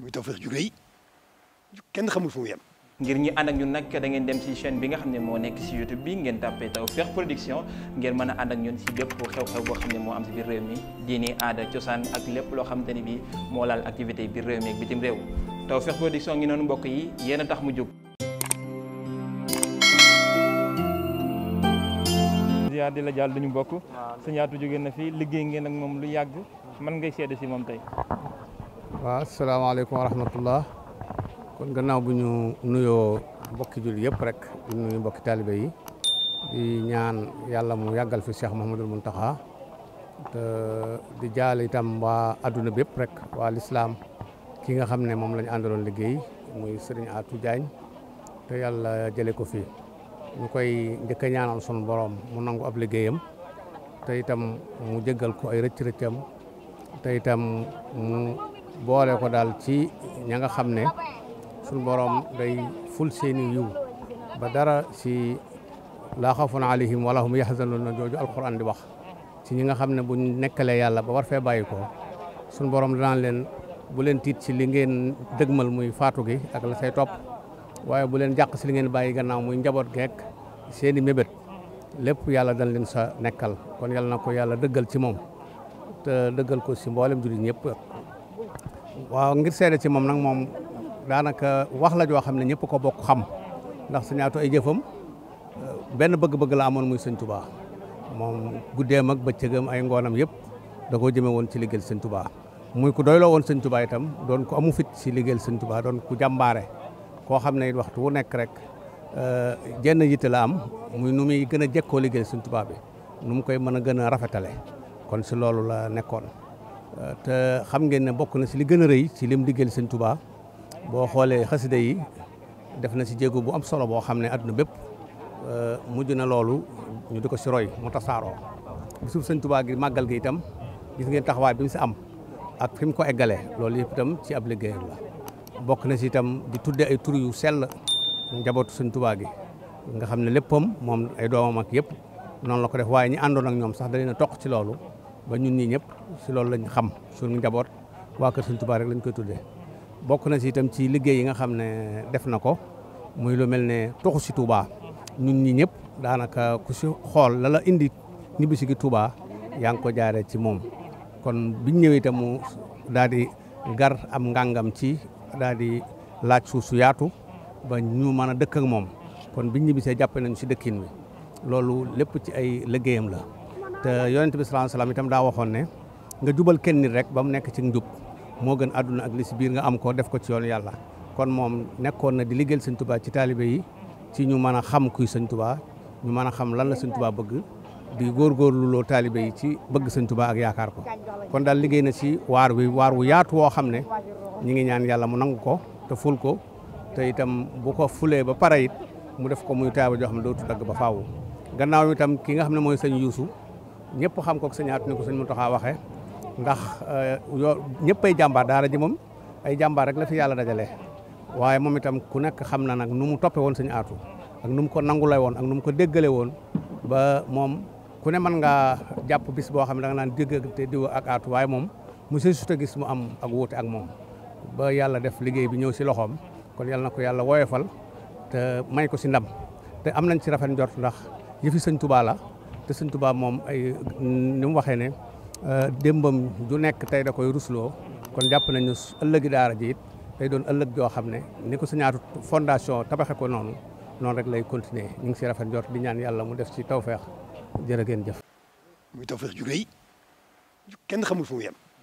muy Tawfekh ju rëy kenn xamul fu mu ngir ñi ànd ak ñun nag da ngeen dem ci chaîne bi nga xam ne moo nekk ci YouTube bi ngeen tàppee Tawfekh Production ngeen mën a ànd ak ñun ci bépp xew-xew boo xam ne moo am ci biir réew mi diini aada cosaan ak lépp loo xamante ni bi moo laal activité biir réew mi ak bitim réew Tawfekh Production ngi noonu mbokk yi yéen a tax mu jóg. ziar di la jàll duñu bokk. waaw sëñ Atou jóge na fi liggéey ngeen ak moom lu yàgg. man ngay seede ci moom tey. waaw asalaamaaleykum wa rahmatullah kon gannaaw bu ñu nuyoo mbokki jullit yëpp rek di nuyu mbokki taalibe yi di ñaan yàlla mu yàggal fi Cheikh Mouhamadul Mountakha te di jaal itam waa adduna bépp rek waa ki nga xam ne moom la ñu àndaloon liggéey muy sëriñ Atou Diagne te yàlla jële ko fi ñu koy njëkk a ñaanal sunu borom mu nangu ab liggéeyam te itam mu jéggal ko ay rëcc rëccam te itam mu boole ko daal ci ña nga xam ne suñ boroom day ful seeni yiw ba dara si laa xawfun alayhim wala hum yaxzanun na jooju alquran di wax ci ñi nga xam ne bu nekkalee yàlla ba war fee bàyyi ko suñu borom danaan leen bu leen tiit ci li ngeen dëgmal muy faatu gi ak la say topp waaye bu leen jàq si li ngeen bàyyi gannaaw muy njaboot geek seeni mébét lépp yàlla dañ leen sa nekkal kon yàlla na ko yàlla dëggal ci moom te dëggal ko si mboolem jullit ñëpp waaw ngir seede ci moom nag moom daanaka wax la joo xam ne ñëpp ko bokk xam ndax Sëñ Aatu ay benn bëgg-bëgg la amoon muy Sëñ Tuubaa moom guddeem ba bëccëgam ay ngoonam yëpp da koo jëme woon ci liggéeyal Sëñ muy ku doyloo woon Sëñ Tuubaa itam doon ku amu fit ci liggéeyal Sëñ doon ku jàmbaare koo xam ne it waxtu wu nekk rek eh, jenn yitte la am muy nu muy gën a jekkoo liggéey Sëñ bi nu mu koy mën a gën a rafetale kon si loolu la nekkoon te xam ngeen ne bokk na si li gën a rëy ci lim liggéeyal sëñ tubaa boo xoolee xasida yi def na si jéego bu am solo boo xam ne àdduna bépp euh, mujj na loolu ñu di ko si roy mu tasaaroo bisub sëñ tubaa gi màggal gi itam gis ngeen taxawaay bi si am ak fi mu ko eggalee loolu yëpp itam ci ab liggéeyam bokk na si itam di tuddee ay tur yu sell njabootu sëñ Touba gi nga xam ne léppam moom ay doomam ak yëpp noonu la ko def waaye ñi àndoon ak ñoom sax da leen a toq ci loolu ba ñun ñi ñëpp si loolu lañ xam suñu njaboot waa Kër Sëñ Tuubaa rek lañ koy tuddee bokk na si itam ci liggéey yi nga xam ne def na ko muy lu mel ne toxu si Touba ñun ñi ñëpp daanaka ku si xool la la indi ñibbisi gi Touba yaa ngi ko jaaree ci moom kon biñ ñëwee itam mu daal di gar am ngàngam ci daal di laaj suuf su yaatu ba ñu mën a dëkk ak moom kon biñ see jàppe nañu si dëkkin wi loolu lépp ci ay liggéeyam la. te yonent bi sallallahu alayhi wasallam itam daa waxoon ne nga jubal kenn nit rek ba mu nekk ci njub moo gën àdduna ak li si biir nga am ko def ko ci yoonu yàlla kon moom nekkoon na di liggéeyal sëñ ci taalibe yi ci ñu mën a xam kuy sëñ Tuubaa ñu mën a xam lan la sëñ bëgg di góorgóorlu loo taalibe yi ci bëgg sëñ Tuubaa ak yaakaar ko kon daal liggéey na ci waar wi waar wu yaatu woo xam ne ñi ngi ñaan yàlla mu nangu ko te ful ko te itam bu ko fulee ba pare it mu def ko muy taaba joo ne dootu dagg ba faawu gannaaw ñëpp xam ko ak sëñ Atou ni ko sëñ Mountakha waxee ndax euh, yoo ñëpp ay jàmbaar daara ji moom ay jàmbaar rek la fi yàlla dajale waaye moom itam ku nekk xam na nag nu mu toppe woon sëñ Atou ak nu mu ko nangulay woon ak nu mu ko déggale woon ba moom ku ne mën ngaa jàpp bis boo xam ne da nga naan déggante diw ak Atou waaye moom monsieur Souta gis mu am ak wuute ak moom ba yàlla def liggéey bi ñëw si loxoom kon yàlla na ko yàlla woyofal te may ko si ndam te am nañ ci rafet njort ndax yëfi la te Sëñ Tuubaa moom ay ni mu waxee ne euh, démbam du nekk tey da koy rusloo kon jàpp nañu ëllëgi daara ji it day doon ëllëg joo xam ne ni ko suñaatu fondation tabaxe ko noonu noonu rek lay continuer ñu ngi si rafet njort di ñaan yàlla mu def ci tawfeex jërë ngeen jëf muy tawfeex ju rëy kenn xamul fu mu